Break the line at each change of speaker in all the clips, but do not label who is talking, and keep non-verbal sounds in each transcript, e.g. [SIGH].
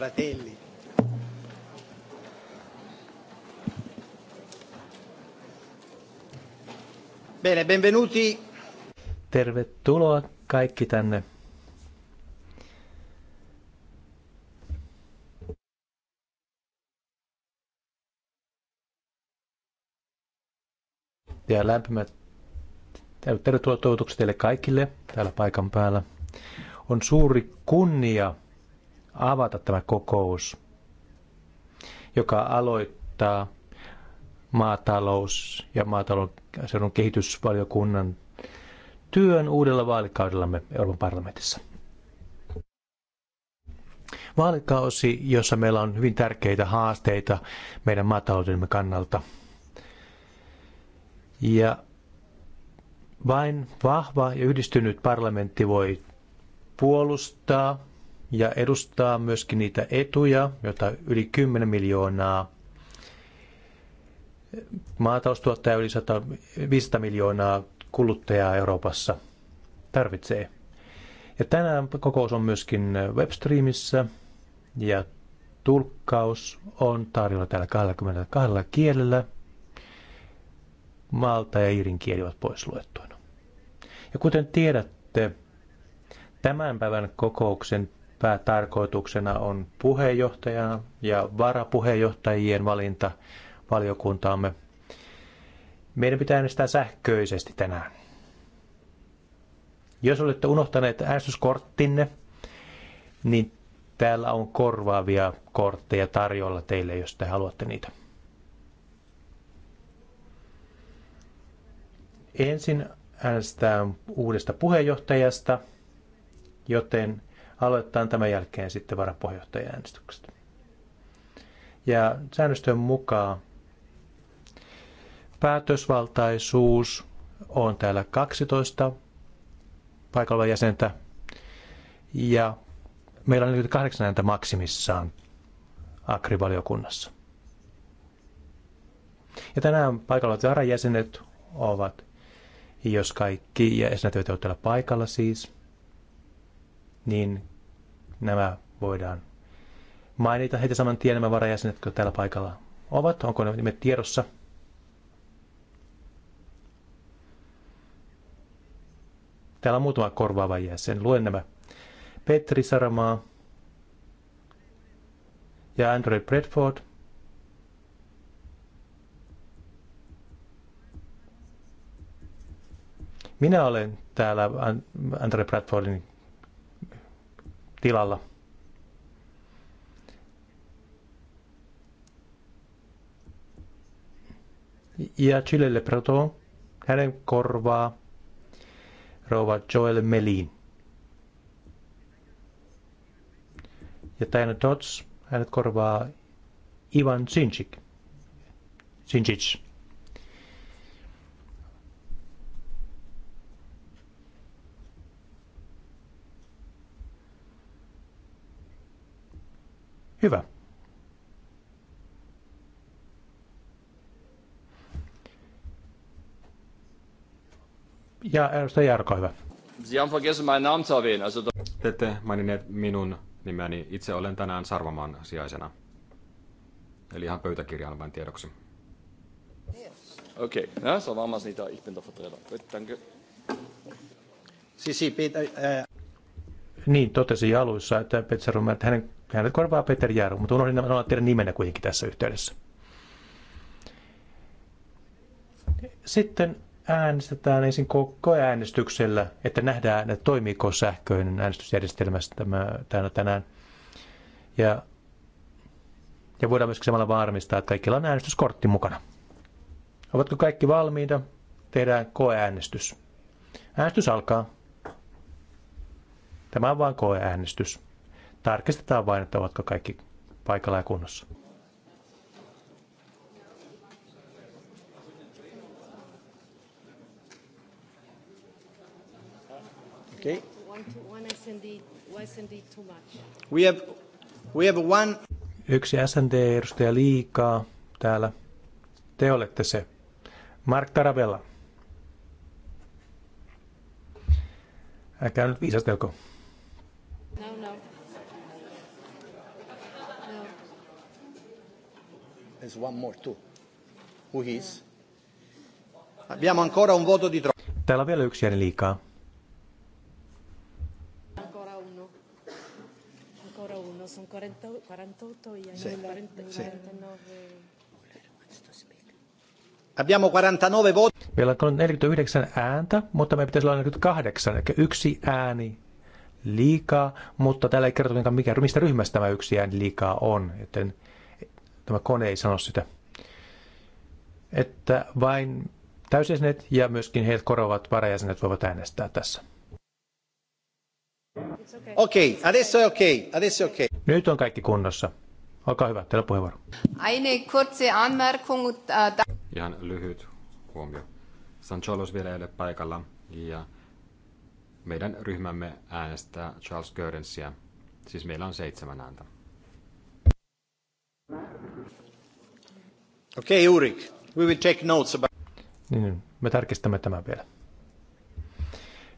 fratelli.
Bene, benvenuti.
Tervetuloa kaikki tänne. Ja lämpimät tervetuloa toivotukset teille kaikille täällä paikan päällä. On suuri kunnia avata tämä kokous, joka aloittaa maatalous- ja maatalouden kehitysvaliokunnan työn uudella vaalikaudellamme Euroopan parlamentissa. Vaalikausi, jossa meillä on hyvin tärkeitä haasteita meidän maataloutemme kannalta. Ja vain vahva ja yhdistynyt parlamentti voi puolustaa ja edustaa myöskin niitä etuja, joita yli 10 miljoonaa maataloustuottaja yli 100, 500 miljoonaa kuluttajaa Euroopassa tarvitsee. Ja tänään kokous on myöskin webstreamissä ja tulkkaus on tarjolla täällä 22 kielellä. Malta ja Iirin kieli ovat pois luettuina. Ja kuten tiedätte, tämän päivän kokouksen Päätarkoituksena on puheenjohtajana ja varapuheenjohtajien valinta valiokuntaamme. Meidän pitää äänestää sähköisesti tänään. Jos olette unohtaneet äänestyskorttinne, niin täällä on korvaavia kortteja tarjolla teille, jos te haluatte niitä. Ensin äänestetään uudesta puheenjohtajasta, joten aloitetaan tämän jälkeen sitten varapuheenjohtajaäänestykset. Ja säännöstön mukaan päätösvaltaisuus on täällä 12 paikalla jäsentä ja meillä on 48 ääntä maksimissaan akrivaliokunnassa. Ja tänään paikalla olevat varajäsenet ovat, jos kaikki ja jäsenet ovat paikalla siis, niin nämä voidaan mainita heti saman tien nämä varajäsenet, jotka täällä paikalla ovat. Onko ne nimet tiedossa? Täällä on muutama korvaava jäsen. Luen nämä. Petri Saramaa ja Andre Bradford. Minä olen täällä Andre Bradfordin tilalla. Ja Chilelle Proto, hänen korvaa rouva Joel Melin. Ja Taina Dodds, hänet korvaa Ivan Sinchik. Sinchich. Hyvä. Ja edustaja Jarko, hyvä.
Sie haben vergessen meinen Namen zu erwähnen. Also Te ette maininneet minun nimeni. Itse olen tänään Sarvamaan sijaisena. Eli ihan pöytäkirjaan vain tiedoksi. Okei, okay. no, Sarvamaa siitä, ich bin der Vertreter. Gut, danke. Sie, Sie, bitte,
äh, niin totesi alussa, että Peter Rumme, että hänen, hänet korvaa Peter Jääru, mutta unohdin olla teidän nimenä kuitenkin tässä yhteydessä. Sitten äänestetään ensin koeäänestyksellä, että nähdään, että toimiiko sähköinen äänestysjärjestelmä tänään. Ja, ja voidaan myöskin samalla varmistaa, että kaikilla on äänestyskortti mukana. Ovatko kaikki valmiita? Tehdään koeäänestys. Äänestys alkaa. Tämä on vain koeäänestys. Tarkistetaan vain, että ovatko kaikki paikalla ja kunnossa. Okay. We have, we have one... Yksi SND-edustaja liikaa täällä. Te olette se. Mark Tarabella. Älkää nyt viisastelko. there's one more too. Who he is? Abbiamo ancora un voto di troppo. Täällä on vielä yksi ääni liikaa.
Ancora uno. Ancora uno. Sono 48 io. 49.
Abbiamo 49 voti. Meillä on 49 ääntä, mutta me pitäisi olla 48, eli yksi ääni liikaa, mutta täällä ei kerrota mikä, mistä ryhmästä tämä yksi ääni liikaa on, joten tämä kone ei sano sitä, että vain täysjäsenet ja myöskin heidät korovat varajäsenet voivat äänestää tässä. Okei, okay, adesso okei, okay, adesso okay. Nyt on kaikki kunnossa. Olkaa hyvä, teillä on puheenvuoro.
Eine kurze Anmerkung. Äh,
Ihan lyhyt huomio. Charles vielä ei ole paikalla ja meidän ryhmämme äänestää Charles Görensiä. Siis meillä on seitsemän ääntä.
Okei, okay, Ulrich. We will take notes about...
Niin, niin, me tarkistamme tämän vielä.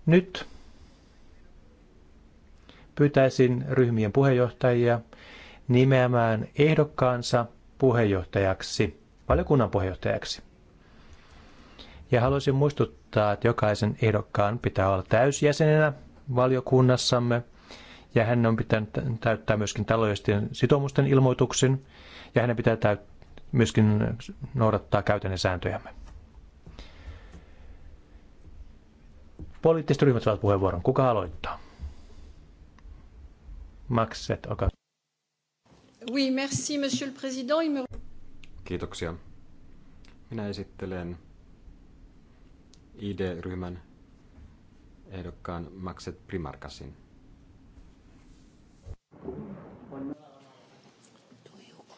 Nyt pyytäisin ryhmien puheenjohtajia nimeämään ehdokkaansa puheenjohtajaksi, valiokunnan puheenjohtajaksi. Ja haluaisin muistuttaa, että jokaisen ehdokkaan pitää olla täysjäsenenä valiokunnassamme, ja hän on pitänyt täyttää myöskin taloudellisten sitoumusten ilmoituksen, ja hänen pitää täyt- myöskin noudattaa käytännön sääntöjämme. Poliittiset ryhmät saavat puheenvuoron. Kuka aloittaa? Maxet, olkaa
Oui, merci, monsieur le président.
Kiitoksia. Minä esittelen ID-ryhmän ehdokkaan Maxet Primarkasin.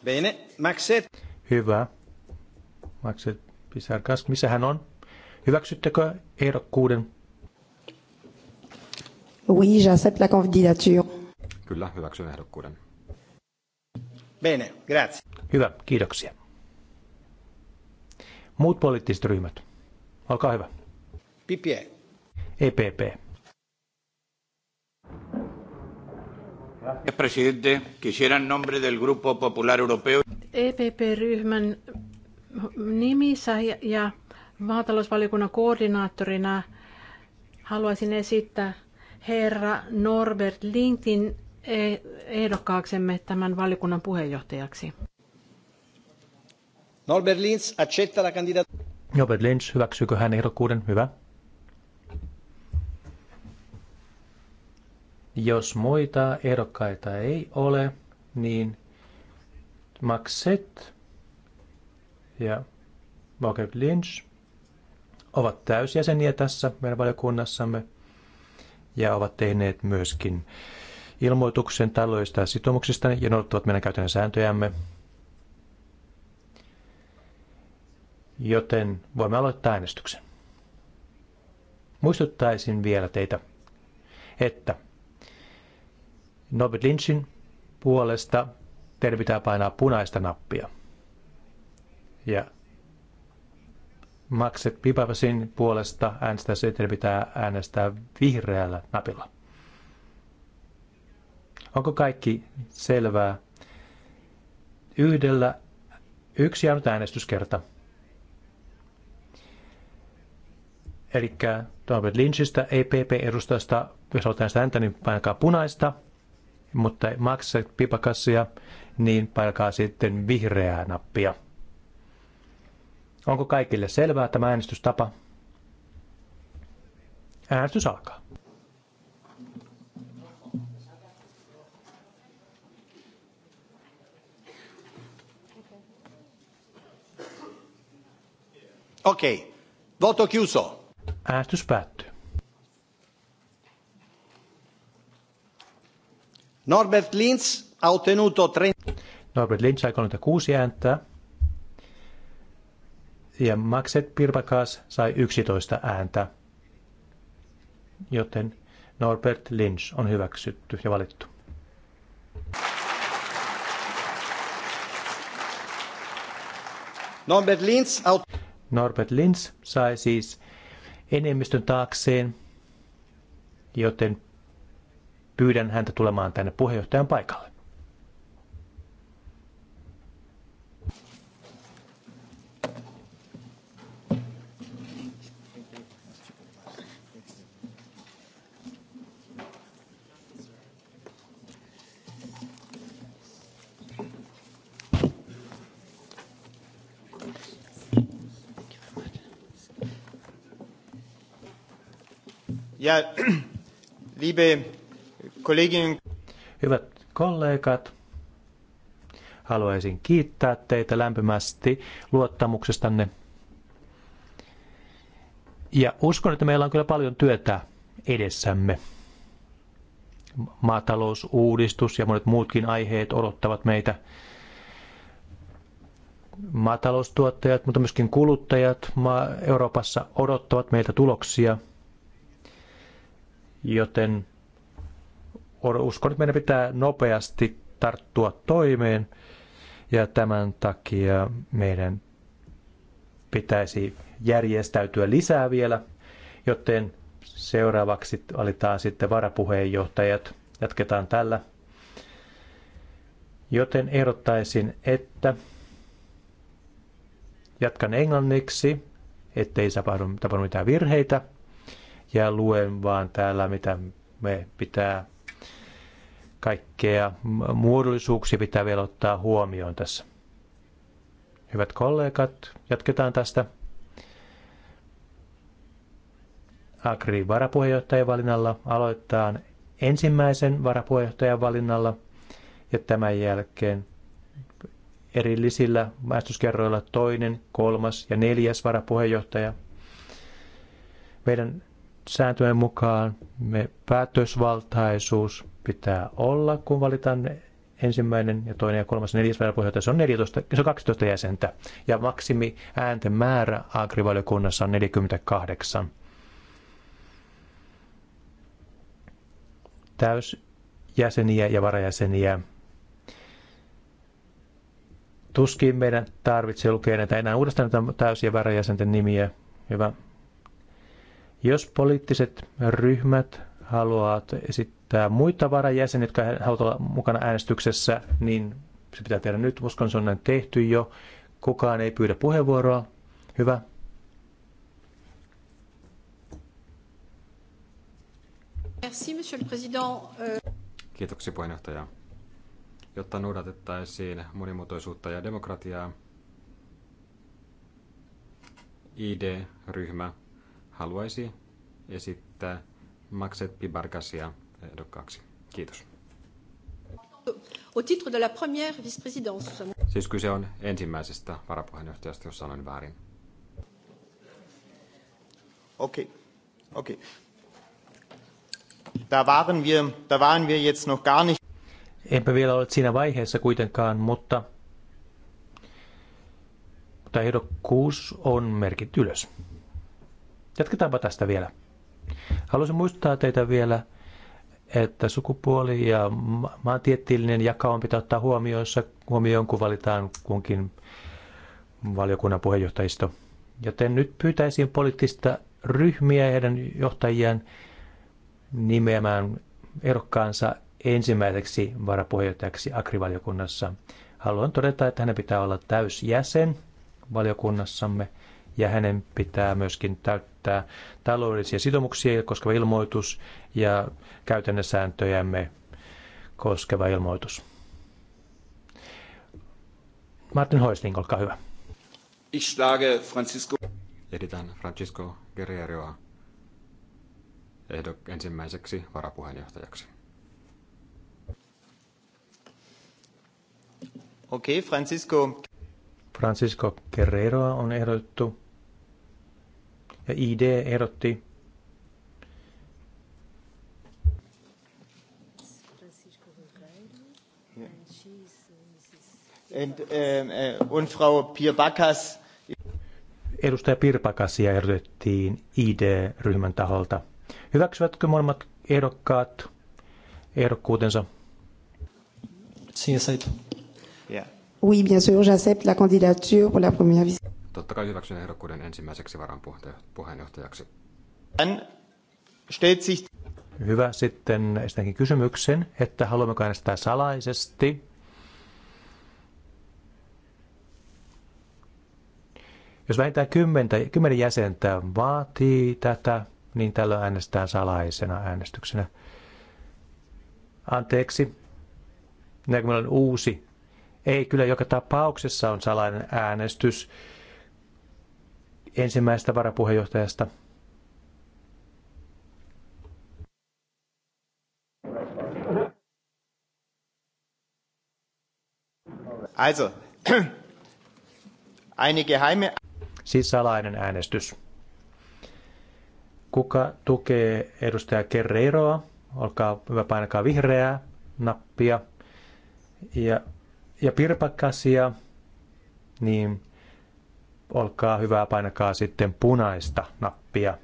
Bene. Maxet. Hyvä. Maxet Pisarkas, missä hän on? Hyväksyttekö ehdokkuuden?
Oui, j'accepte la candidature.
Kyllä, hyväksyn ehdokkuuden. Bene, grazie. Hyvä, kiitoksia. Muut poliittiset
ryhmät, olkaa hyvä. PPE. EPP. Gracias, presidente. Quisiera en nombre del Grupo Popular Europeo...
EPP-ryhmän nimissä ja, maatalousvaliokunnan koordinaattorina haluaisin esittää herra Norbert Lintin e- ehdokkaaksemme tämän valiokunnan puheenjohtajaksi.
Norbert Lintz, accetta la
Norbert hyväksyykö hän ehdokkuuden? Hyvä. Jos muita ehdokkaita ei ole, niin Maxet ja Walker Lynch ovat täysjäseniä tässä meidän valiokunnassamme ja ovat tehneet myöskin ilmoituksen taloudellisista sitoumuksista ja noudattavat meidän käytännön sääntöjämme. Joten voimme aloittaa äänestyksen. Muistuttaisin vielä teitä, että Norbert Lynchin puolesta teidän pitää painaa punaista nappia. Ja Maxet Pipavasin puolesta äänestää se, teidän pitää äänestää vihreällä napilla. Onko kaikki selvää? Yhdellä yksi jäänyt äänestyskerta. Eli Norbert Lynchistä, EPP-edustajasta, jos haluat äänestää häntä, niin painakaa punaista – mutta maksat pipakassia, niin palkaa sitten vihreää nappia. Onko kaikille selvää tämä äänestystapa? Äänestys alkaa. Okei, okay. voto chiuso. Äänestys päättyy. Norbert Linz ha ottenuto 30. Norbert Linz sai 36 ääntä. Ja Maxet Pirbakas sai 11 ääntä. Joten Norbert Lynch on hyväksytty ja valittu. Norbert Linz, out... Norbert Linz sai siis enemmistön taakseen, joten pyydän häntä tulemaan tänne puheenjohtajan paikalle. Ja, liebe Kollegien. Hyvät kollegat, haluaisin kiittää teitä lämpimästi luottamuksestanne. Ja uskon, että meillä on kyllä paljon työtä edessämme. Maatalousuudistus ja monet muutkin aiheet odottavat meitä. Maataloustuottajat, mutta myöskin kuluttajat Euroopassa odottavat meiltä tuloksia, joten uskon, että meidän pitää nopeasti tarttua toimeen ja tämän takia meidän pitäisi järjestäytyä lisää vielä, joten seuraavaksi valitaan sitten varapuheenjohtajat. Jatketaan tällä. Joten ehdottaisin, että jatkan englanniksi, ettei tapahdu, tapahdu mitään virheitä. Ja luen vaan täällä, mitä me pitää Kaikkea muodollisuuksia pitää vielä ottaa huomioon tässä. Hyvät kollegat, jatketaan tästä. Agri varapuheenjohtajan valinnalla aloittaa ensimmäisen varapuheenjohtajan valinnalla ja tämän jälkeen erillisillä väestöskerroilla toinen, kolmas ja neljäs varapuheenjohtaja. Meidän sääntöjen mukaan me päätösvaltaisuus pitää olla, kun valitaan ensimmäinen ja toinen ja kolmas ja neljäs varapuheenjohtaja, se on, 14, se on 12 jäsentä. Ja maksimi äänten määrä agrivaliokunnassa on 48. Täysjäseniä ja varajäseniä. Tuskin meidän tarvitsee lukea näitä enää uudestaan näitä täys- ja varajäsenten nimiä. Hyvä. Jos poliittiset ryhmät haluat esittää muita varajäseniä, jotka haluavat olla mukana äänestyksessä, niin se pitää tehdä nyt. Uskon, se on näin tehty jo. Kukaan ei pyydä puheenvuoroa. Hyvä.
Merci, monsieur le président. Euh-
Kiitoksia puheenjohtaja. Jotta noudatettaisiin monimuotoisuutta ja demokratiaa, ID-ryhmä haluaisi esittää Maxet Pibarkasia ehdokkaaksi. Kiitos.
Au titre de la première vice-présidence. Siis
kyse on ensimmäisestä varapuheenjohtajasta, jos sanoin väärin.
Okei, okay. okei. Okay. Da waren wir, da waren wir jetzt noch gar nicht.
Enpä vielä ole siinä vaiheessa kuitenkaan, mutta, mutta ehdokkuus on merkitty ylös. Jatketaanpa tästä vielä. Haluaisin muistuttaa teitä vielä, että sukupuoli ja maantieteellinen jakauma pitää ottaa huomioon, huomioon, kun valitaan kunkin valiokunnan puheenjohtajisto. Joten nyt pyytäisin poliittista ryhmiä ja heidän johtajiaan nimeämään ehdokkaansa ensimmäiseksi varapuheenjohtajaksi agrivaliokunnassa. Haluan todeta, että hänen pitää olla täysjäsen valiokunnassamme – ja hänen pitää myöskin täyttää taloudellisia sitoumuksia koskeva ilmoitus ja käytännössääntöjämme koskeva ilmoitus. Martin Hoisting, olkaa hyvä.
Ich schlage Francisco... Editan Francisco Guerrieroa ehdok ensimmäiseksi varapuheenjohtajaksi.
Okei, okay, Francisco.
Francisco Guerrero on ehdotettu ja ID ehdotti And, uh,
uh und Frau Pirbakas.
Edustaja Pirpakasia ehdotettiin ID-ryhmän taholta. Hyväksyvätkö molemmat ehdokkaat
ehdokkuutensa? Si, yeah.
Oui, bien sûr, j'accepte la candidature pour la première visite
totta kai hyväksyn ehdokkuuden ensimmäiseksi varan puheenjohtajaksi. sich... Hyvä.
Sitten esitänkin kysymyksen, että haluammeko äänestää salaisesti. Jos vähintään kymmentä, kymmenen jäsentä vaatii tätä, niin tällöin äänestetään salaisena äänestyksenä. Anteeksi, näin kun on uusi. Ei, kyllä joka tapauksessa on salainen äänestys ensimmäisestä varapuheenjohtajasta. Also,
[CLEARS THROAT] eine geheime...
Siis salainen äänestys. Kuka tukee edustaja Kerreiroa? Olkaa hyvä, painakaa vihreää nappia. Ja, ja Pirpakkasia, niin olkaa hyvä, painakaa sitten punaista nappia.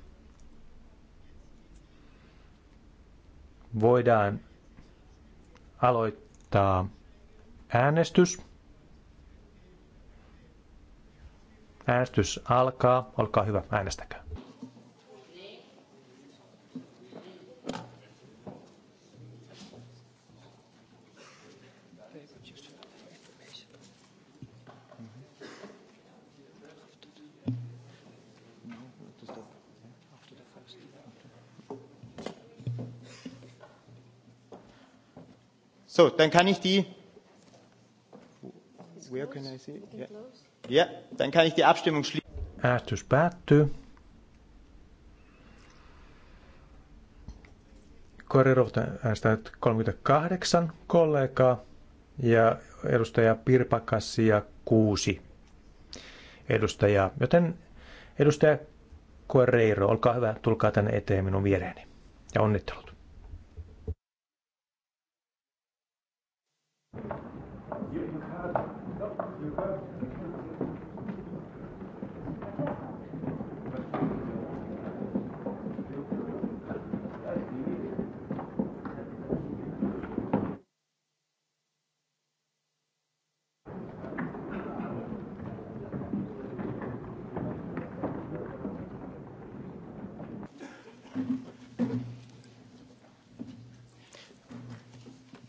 Voidaan aloittaa äänestys. Äänestys alkaa. Olkaa hyvä, äänestäkää.
So, dann kann ich die. Where can I see? Yeah. Yeah, dann kann ich die Abstimmung schließen.
Äänestys päättyy. Korirovta äänestää 38 kollegaa ja edustaja Pirpakassi ja kuusi edustajaa. Joten edustaja Correiro, olkaa hyvä, tulkaa tänne eteen minun viereeni. Ja onnittelut.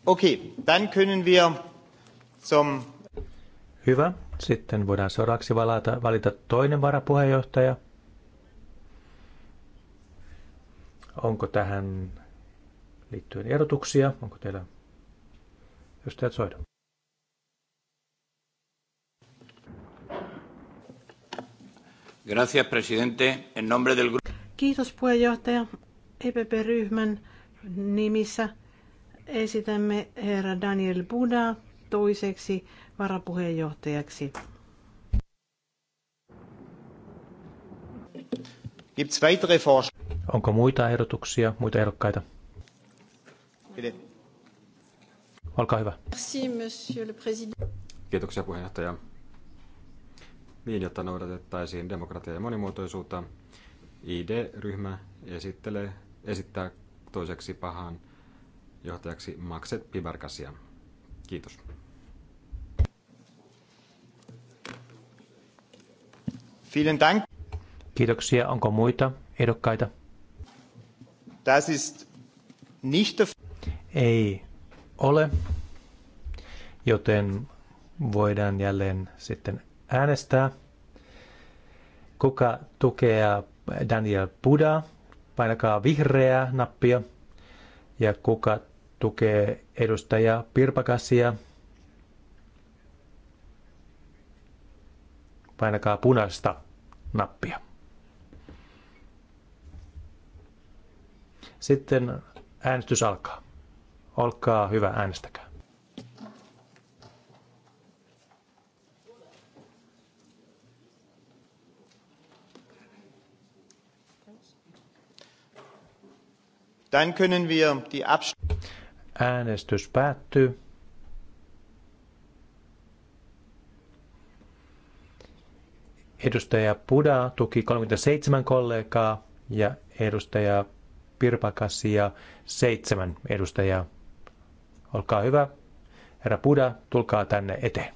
Okei, dann können wir zum...
Hyvä. Sitten voidaan seuraavaksi valata, valita toinen varapuheenjohtaja. Onko tähän liittyen erotuksia? Onko teillä edustajat soida? Gracias, presidente. En nombre del...
Kiitos puheenjohtaja EPP-ryhmän nimissä esitämme herra Daniel Buda toiseksi varapuheenjohtajaksi.
Onko muita ehdotuksia, muita ehdokkaita?
Olkaa hyvä. Kiitoksia puheenjohtaja. Niin, jotta noudatettaisiin demokratiaa ja monimuotoisuutta, ID-ryhmä esittelee, esittää toiseksi pahan johtajaksi Makset Pivarkasia. Kiitos. Vielen Dank.
Kiitoksia. Onko muita ehdokkaita?
Das ist nicht
der... Ei ole, joten voidaan jälleen sitten äänestää. Kuka tukee Daniel Buda? Painakaa vihreää nappia. Ja kuka tukee edustaja Pirpakasia. Painakaa punaista nappia. Sitten äänestys alkaa. Olkaa hyvä, äänestäkää.
Dann können wir die
Abstimmung Äänestys päättyy. Edustaja Puda tuki 37 kollegaa ja edustaja Pirpakasia seitsemän edustajaa. Olkaa hyvä. Herra Puda, tulkaa tänne eteen.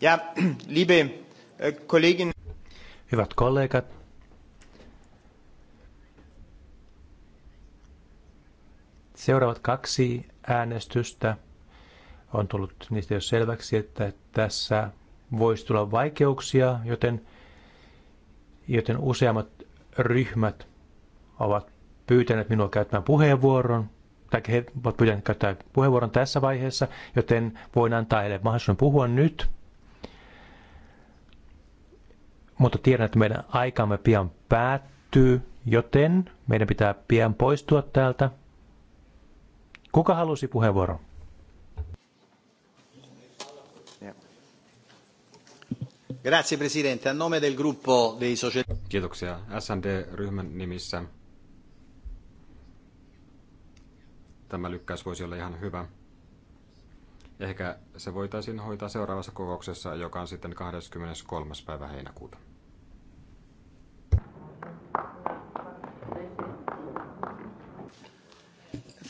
Ja, [CLEARS THROAT] liebe äh,
Hyvät kollegat. Seuraavat kaksi äänestystä on tullut niistä jo selväksi, että tässä voisi tulla vaikeuksia, joten, joten useammat ryhmät ovat pyytäneet minua käyttämään puheenvuoron, tai he ovat pyytäneet käyttämään puheenvuoron tässä vaiheessa, joten voin antaa heille mahdollisuuden puhua nyt, mutta tiedän, että meidän aikamme pian päättyy, joten meidän pitää pian poistua täältä. Kuka halusi puheenvuoron?
Grazie Presidente. A nome del gruppo dei socialisti. Kiitoksia. SND-ryhmän nimissä tämä lykkäys voisi olla ihan hyvä. Ehkä se voitaisiin hoitaa seuraavassa kokouksessa, joka on sitten 23. päivä heinäkuuta.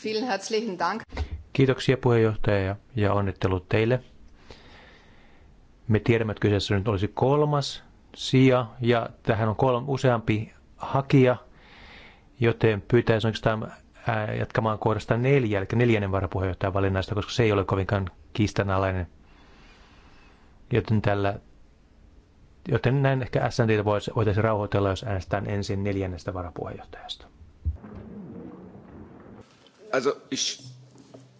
Vielen herzlichen Dank.
Kiitoksia puheenjohtaja ja, ja onnittelut teille. Me tiedämme, että kyseessä nyt olisi kolmas sija ja tähän on kolme, useampi hakija, joten pyytäisin oikeastaan jatkamaan kohdasta neljä, eli neljännen varapuheenjohtajan valinnasta, koska se ei ole kovinkaan kiistanalainen. Joten tällä Joten näin ehkä SNT voitaisiin rauhoitella, jos äänestetään ensin neljännestä varapuheenjohtajasta.
Also ich,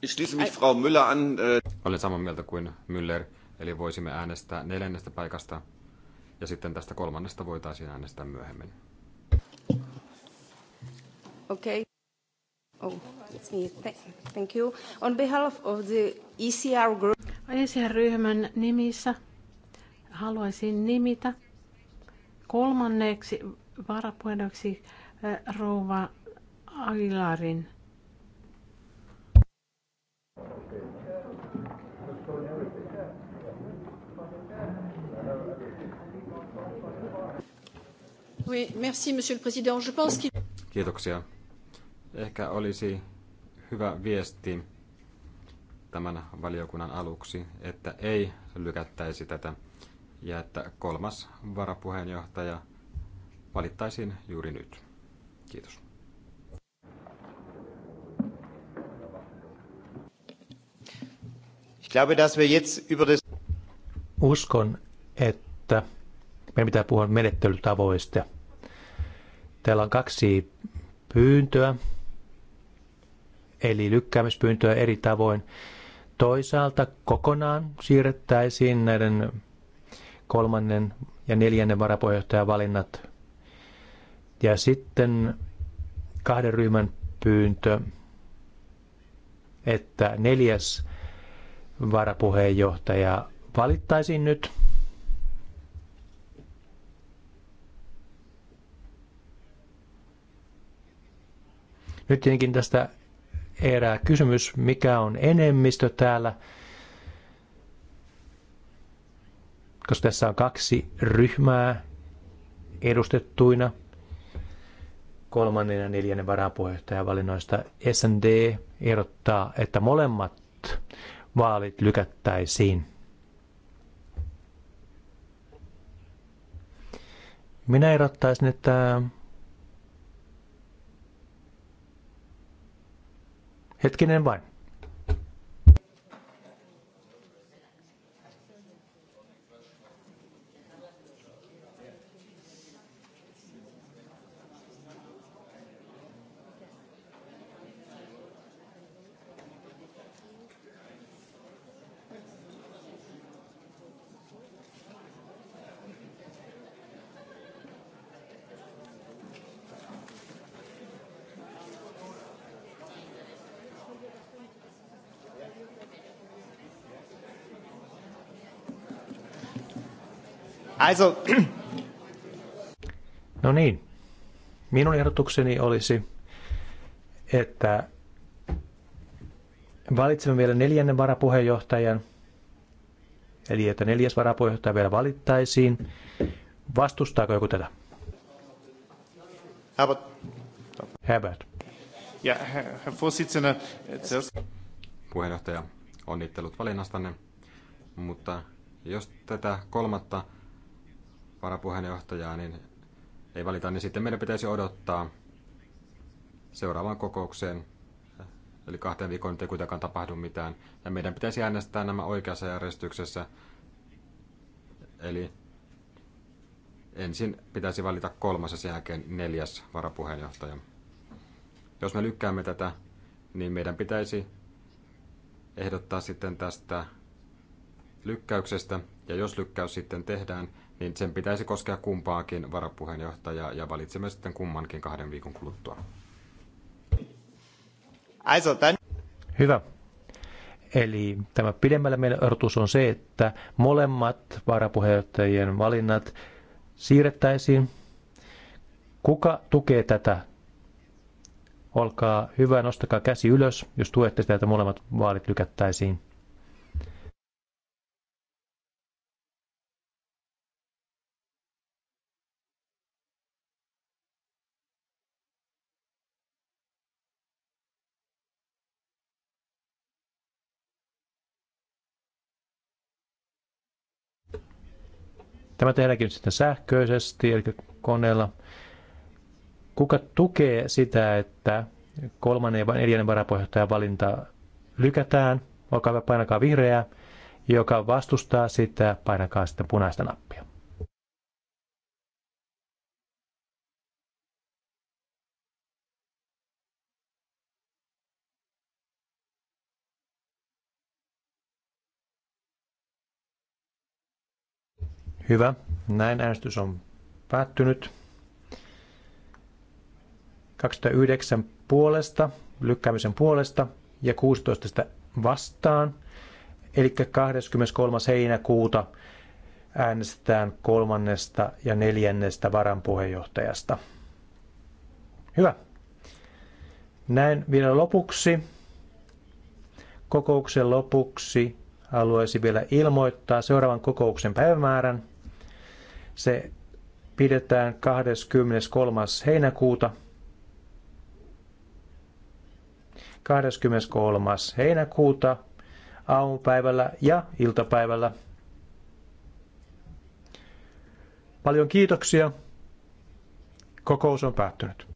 ich schließe mich Frau Müller an. Äh, Olen samaa mieltä kuin Müller, eli voisimme äänestää neljännestä paikasta ja sitten tästä kolmannesta voitaisiin äänestää myöhemmin. Okay. Oh, it's me. Thank you. On behalf of the ECR group. ECR-ryhmän nimissä haluaisin nimitä kolmanneksi varapuheenjohtajaksi äh, rouva Aguilarin.
Oui, merci, monsieur le président. Je pense qu'il...
Kiitoksia. Ehkä olisi hyvä viesti tämän valiokunnan aluksi, että ei lykättäisi tätä ja että kolmas varapuheenjohtaja valittaisiin juuri nyt. Kiitos.
Uskon, että meidän pitää puhua menettelytavoista. Täällä on kaksi pyyntöä, eli lykkäämispyyntöä eri tavoin. Toisaalta kokonaan siirrettäisiin näiden kolmannen ja neljännen varapuheenjohtajan valinnat. Ja sitten kahden ryhmän pyyntö, että neljäs varapuheenjohtaja valittaisiin nyt Nyt tietenkin tästä erää kysymys, mikä on enemmistö täällä, koska tässä on kaksi ryhmää edustettuina kolmannen ja neljännen varapuheenjohtajan valinnoista. SND erottaa, että molemmat vaalit lykättäisiin. Minä erottaisin, että Hetkinen vain. Also. No niin. Minun ehdotukseni olisi, että valitsemme vielä neljännen varapuheenjohtajan, eli että neljäs varapuheenjohtaja vielä valittaisiin. Vastustaako joku tätä? Herbert. Herbert.
Ja, herr Vorsitzender, Puheenjohtaja, onnittelut valinnastanne, mutta jos tätä kolmatta varapuheenjohtajaa, niin ei valita, niin sitten meidän pitäisi odottaa seuraavaan kokoukseen. Eli kahteen viikon ei kuitenkaan tapahdu mitään. Ja meidän pitäisi äänestää nämä oikeassa järjestyksessä. Eli ensin pitäisi valita kolmas ja sen jälkeen neljäs varapuheenjohtaja. Jos me lykkäämme tätä, niin meidän pitäisi ehdottaa sitten tästä lykkäyksestä. Ja jos lykkäys sitten tehdään, niin sen pitäisi koskea kumpaakin varapuheenjohtajaa ja valitsemme sitten kummankin kahden viikon kuluttua.
Hyvä. Eli tämä pidemmällä meidän odotus on se, että molemmat varapuheenjohtajien valinnat siirrettäisiin. Kuka tukee tätä? Olkaa hyvä, nostakaa käsi ylös, jos tuette sitä, että molemmat vaalit lykättäisiin. Tämä tehdäänkin nyt sitten sähköisesti, eli koneella. Kuka tukee sitä, että kolmannen ja neljännen varapuheenjohtajan valinta lykätään? Olkaa painakaa vihreää. Joka vastustaa sitä, painakaa sitten punaista nappia. Hyvä. Näin äänestys on päättynyt. 209 puolesta, lykkäämisen puolesta ja 16 sitä vastaan. Eli 23. heinäkuuta äänestetään kolmannesta ja neljännestä varanpuheenjohtajasta. Hyvä. Näin vielä lopuksi. Kokouksen lopuksi haluaisin vielä ilmoittaa seuraavan kokouksen päivämäärän – se pidetään 23. heinäkuuta. 23. heinäkuuta aamupäivällä ja iltapäivällä. Paljon kiitoksia. Kokous on päättynyt.